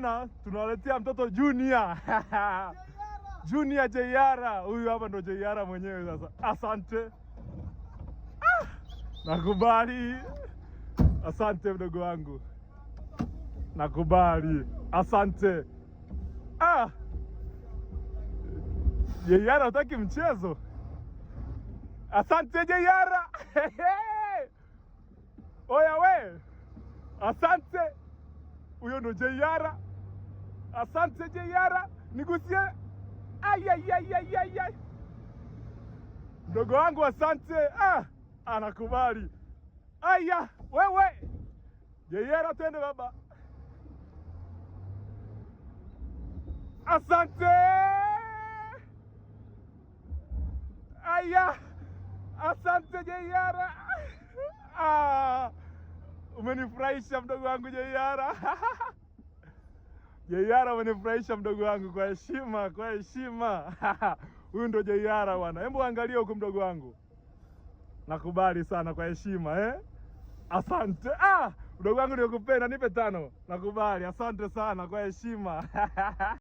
bwana, tunaletea mtoto Junior Junior Jeiara, huyu hapa ndo Jeiara mwenyewe. Sasa asante ah, nakubali. Asante mdogo wangu, nakubali. Asante ah, Jeiara, hutaki mchezo? Asante Jeiara oya we, asante. Huyo ndo Jeiara. Asante Jeiara, nigusie ayayayayayay, mdogo wangu asante. Ah, anakubali. Aya wewe Jeiara, twende baba. Asante aya, asante Jeiara. Ah, umenifurahisha mdogo wangu Jeiara Jeiara amenifurahisha mdogo wangu, kwa heshima, kwa heshima huyu ndo Jeiara bwana, hebu angalia huku mdogo wangu, nakubali sana kwa heshima eh? Asante ah, mdogo wangu nikupenda, nipe tano, nakubali. Asante sana kwa heshima